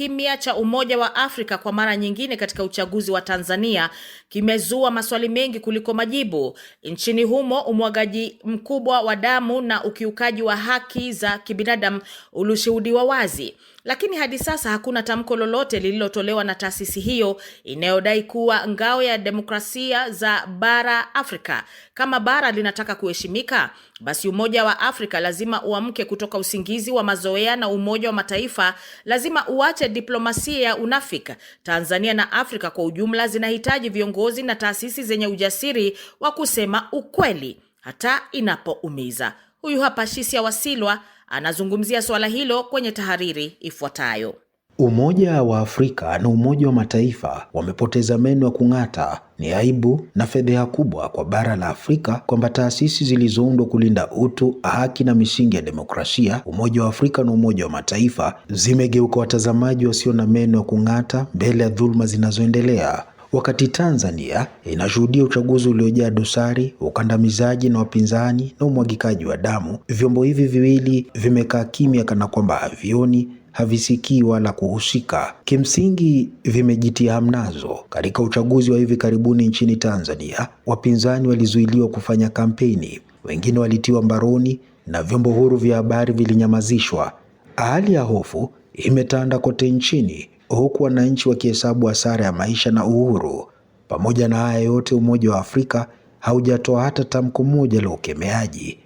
kimya cha Umoja wa Afrika kwa mara nyingine katika uchaguzi wa Tanzania kimezua maswali mengi kuliko majibu. Nchini humo, umwagaji mkubwa wa damu na ukiukaji wa haki za kibinadamu ulishuhudiwa wazi lakini hadi sasa hakuna tamko lolote lililotolewa na taasisi hiyo inayodai kuwa ngao ya demokrasia za bara Afrika. Kama bara linataka kuheshimika, basi Umoja wa Afrika lazima uamke kutoka usingizi wa mazoea, na Umoja wa Mataifa lazima uache diplomasia ya unafik Tanzania na Afrika kwa ujumla zinahitaji viongozi na taasisi zenye ujasiri wa kusema ukweli hata inapoumiza. Huyu hapa Shisia Wasilwa Anazungumzia suala hilo kwenye tahariri ifuatayo. Umoja wa Afrika na Umoja wa Mataifa wamepoteza meno ya kung'ata. Ni aibu na fedheha kubwa kwa bara la Afrika kwamba taasisi zilizoundwa kulinda utu, haki na misingi ya demokrasia, Umoja wa Afrika na Umoja wa Mataifa, zimegeuka watazamaji wasio na meno ya kung'ata mbele ya dhuluma zinazoendelea. Wakati Tanzania inashuhudia uchaguzi uliojaa dosari, ukandamizaji na wapinzani na umwagikaji wa damu, vyombo hivi viwili vimekaa kimya kana kwamba havioni havisikii wala kuhusika. Kimsingi vimejitia hamnazo. Katika uchaguzi wa hivi karibuni nchini Tanzania, wapinzani walizuiliwa kufanya kampeni, wengine walitiwa mbaroni na vyombo huru vya habari vilinyamazishwa. Hali ya hofu imetanda kote nchini, huku wananchi wakihesabu hasara ya maisha na uhuru. Pamoja na haya yote, Umoja wa Afrika haujatoa hata tamko moja la ukemeaji.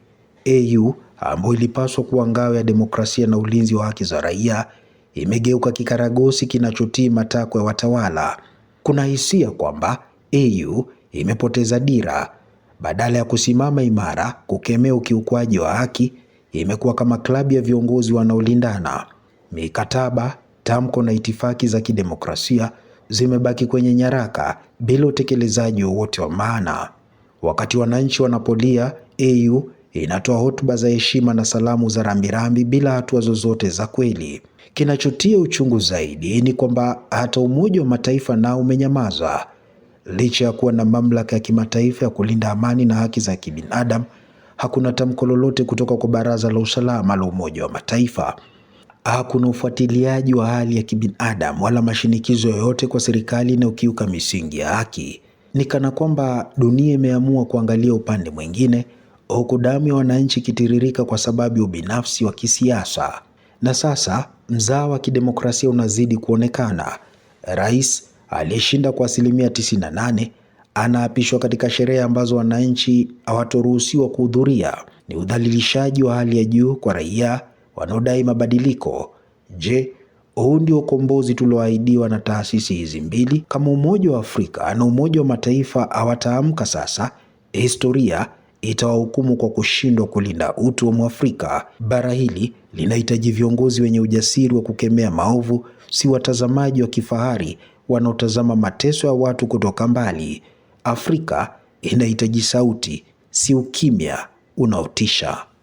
AU ambayo ilipaswa kuwa ngao ya demokrasia na ulinzi wa haki za raia imegeuka kikaragosi kinachotii matakwa ya watawala. Kuna hisia kwamba AU imepoteza dira. Badala ya kusimama imara kukemea ukiukwaji wa haki, imekuwa kama klabu ya viongozi wanaolindana. Mikataba tamko na itifaki za kidemokrasia zimebaki kwenye nyaraka bila utekelezaji wowote wa maana. Wakati wananchi wanapolia, AU inatoa hotuba za heshima na salamu za rambirambi bila hatua zozote za kweli. Kinachotia uchungu zaidi ni kwamba hata Umoja wa Mataifa nao umenyamaza. Licha ya kuwa na mamlaka ya kimataifa ya kulinda amani na haki za kibinadamu, hakuna tamko lolote kutoka kwa Baraza la Usalama la Umoja wa Mataifa hakuna ufuatiliaji wa hali ya kibinadamu wala mashinikizo yoyote kwa serikali inayokiuka misingi ya haki. Ni kana kwamba dunia imeamua kuangalia upande mwingine, huku damu ya wananchi ikitiririka kwa sababu ya ubinafsi wa kisiasa. Na sasa mzaa wa kidemokrasia unazidi kuonekana. Rais aliyeshinda kwa asilimia 98 anaapishwa katika sherehe ambazo wananchi hawatoruhusiwa kuhudhuria. Ni udhalilishaji wa hali ya juu kwa raia wanaodai mabadiliko. Je, huu ndio ukombozi tulioahidiwa na taasisi hizi mbili? Kama Umoja wa Afrika na Umoja wa Mataifa hawataamka sasa, historia itawahukumu kwa kushindwa kulinda utu wa Mwafrika. Bara hili linahitaji viongozi wenye ujasiri wa kukemea maovu, si watazamaji wa kifahari wanaotazama mateso ya watu kutoka mbali. Afrika inahitaji sauti, si ukimya unaotisha.